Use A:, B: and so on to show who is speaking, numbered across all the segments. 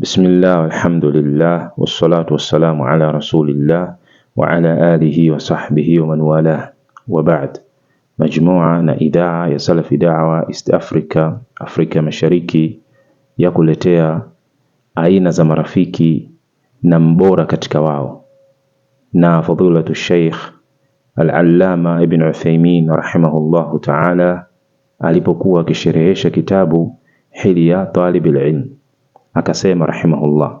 A: بسم الله والحمد لله والصلاة والسلام على رسول الله وعلى آله وصحبه ومن والاه وبعد مجموعة نإداعة يا سلف دعوة إست أفريكا أفريكا مشاريكي يقولتيا أين زمرافيكي نمبورة كتكواو نا فضولة الشيخ العلامة ابن عثيمين رحمه الله تعالى ألي بقوة كشريهش كتاب حلية طالب العلم Akasema rahimahullah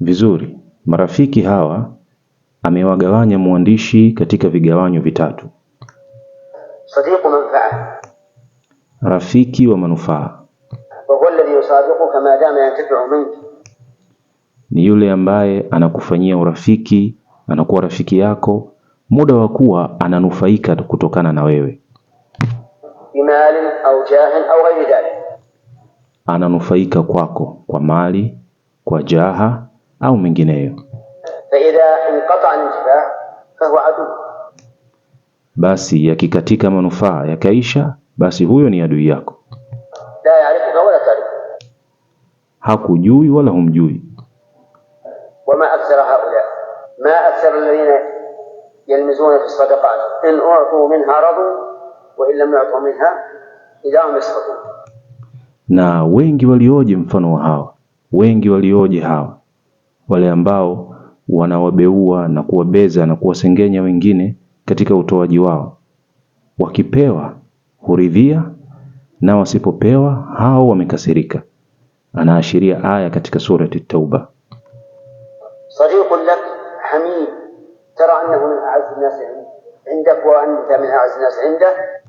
A: vizuri, marafiki hawa amewagawanya mwandishi katika vigawanyo vitatu.
B: Sadiqu manfaa,
A: rafiki wa manufaa.
B: Wa huwa alladhi dama yantafi'u
A: ni yule ambaye anakufanyia urafiki, anakuwa rafiki yako muda wa kuwa ananufaika kutokana na wewe.
B: بمال au جاه au غير ذلك
A: ananufaika kwako kwa mali, kwa jaha au mengineyo.
B: fa idha inqata nafaa fa
A: basi yakikatika manufaa yakaisha, basi huyo ni adui yako.
B: la yarifuka wala tarif,
A: hakujui wala humjui.
B: wama akthara haula ma akthara alladhina yalmizuna fi sadaqat in u'tu minha radu لم يعطوا منها minha هم yaskhutun.
A: Na wengi walioje mfano wa hawa, wengi walioje hawa wale ambao wanawabeua na kuwabeza na kuwasengenya wengine katika utoaji wao, wakipewa huridhia na wasipopewa hao wamekasirika. Anaashiria aya katika surati Tauba,
B: sadiqun lak hamid tara annahu min a'azz nas indak wa anta min a'azz nas indak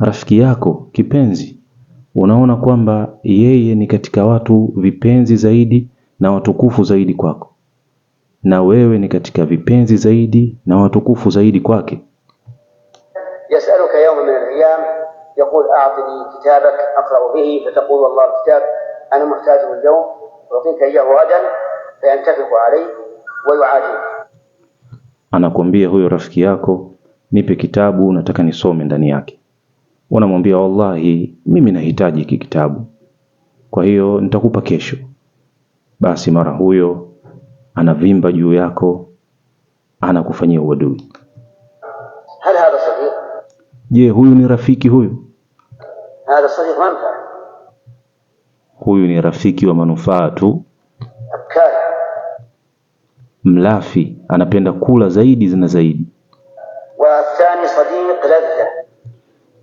A: rafiki yako kipenzi, unaona kwamba yeye ni katika watu vipenzi zaidi na watukufu zaidi kwako, na wewe ni katika vipenzi zaidi na watukufu zaidi kwake.
B: yasaluka yawma min al-ayyam yaqul a'tini kitabak aqra'u bihi fataqulu wallahi kitab ana muhtajun al-yawm utika iyyahu ghadan fayantafiqu alayhi wa yu'adil,
A: anakuambia huyo rafiki yako, nipe kitabu nataka nisome ndani yake unamwambia wallahi, mimi nahitaji hiki kitabu, kwa hiyo nitakupa kesho. Basi mara huyo anavimba juu yako, anakufanyia uadui. Je, huyu ni rafiki? Huyu huyu ni rafiki wa manufaa tu, mlafi, anapenda kula zaidi na zaidi.
B: Wa thani sadiq ladha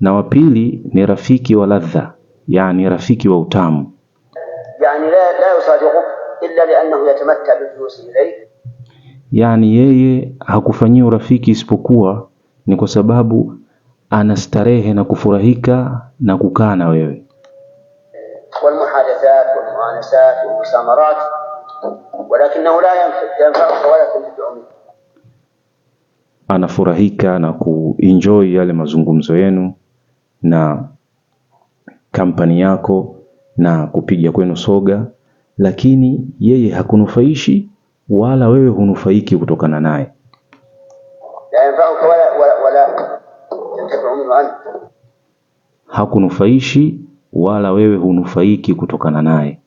A: na wa pili ni rafiki wa ladha, yani rafiki wa utamu.
B: Yani la, la yusadiquk illa li'annahu yatamatta bijulusi ilayhi,
A: yani yeye hakufanyia urafiki isipokuwa ni kwa sababu anastarehe na kufurahika na kukaa na wewe.
B: wal muhadathat wal muanasat wal musamarat walakinahu la yanfa'uka wala tanfa'u,
A: anafurahika na kuenjoy yale mazungumzo yenu na kampani yako na kupiga kwenu soga, lakini yeye hakunufaishi wala wewe hunufaiki kutokana naye. Hakunufaishi wala wewe hunufaiki kutokana naye.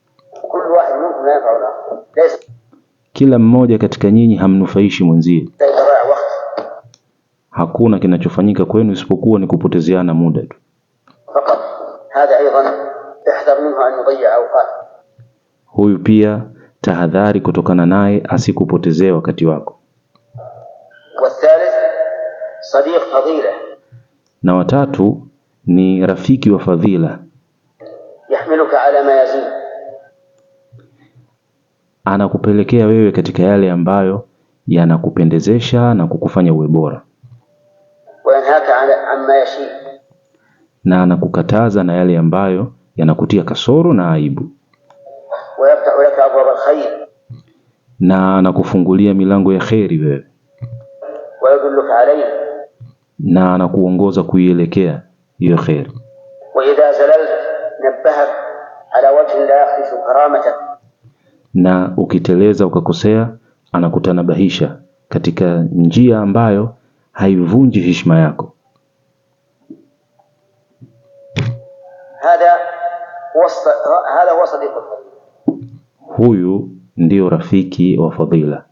A: Kila mmoja katika nyinyi hamnufaishi mwenzie. Hakuna kinachofanyika kwenu isipokuwa ni kupotezeana muda tu.
B: هذا ايضا احذر منه
A: ان يضيع اوقاته. Huyu pia tahadhari
B: kutokana naye asikupotezee wakati wako.
A: Wathalith sadiq fadila, na watatu ni rafiki wa fadhila.
B: Yahmiluka ala ma yazid,
A: anakupelekea wewe katika yale ambayo
B: yanakupendezesha na kukufanya uwe bora.
A: Wayanhaka an ma yashid
B: na anakukataza na yale ambayo
A: yanakutia kasoro na aibu,
B: na anakufungulia milango ya kheri wewe,
A: na anakuongoza kuielekea hiyo kheri.
B: Na ukiteleza ukakosea, anakutanabahisha
A: katika njia ambayo haivunji heshima yako. هذا هو هذا هو صديق الفضيلة هو ndio rafiki wa fadila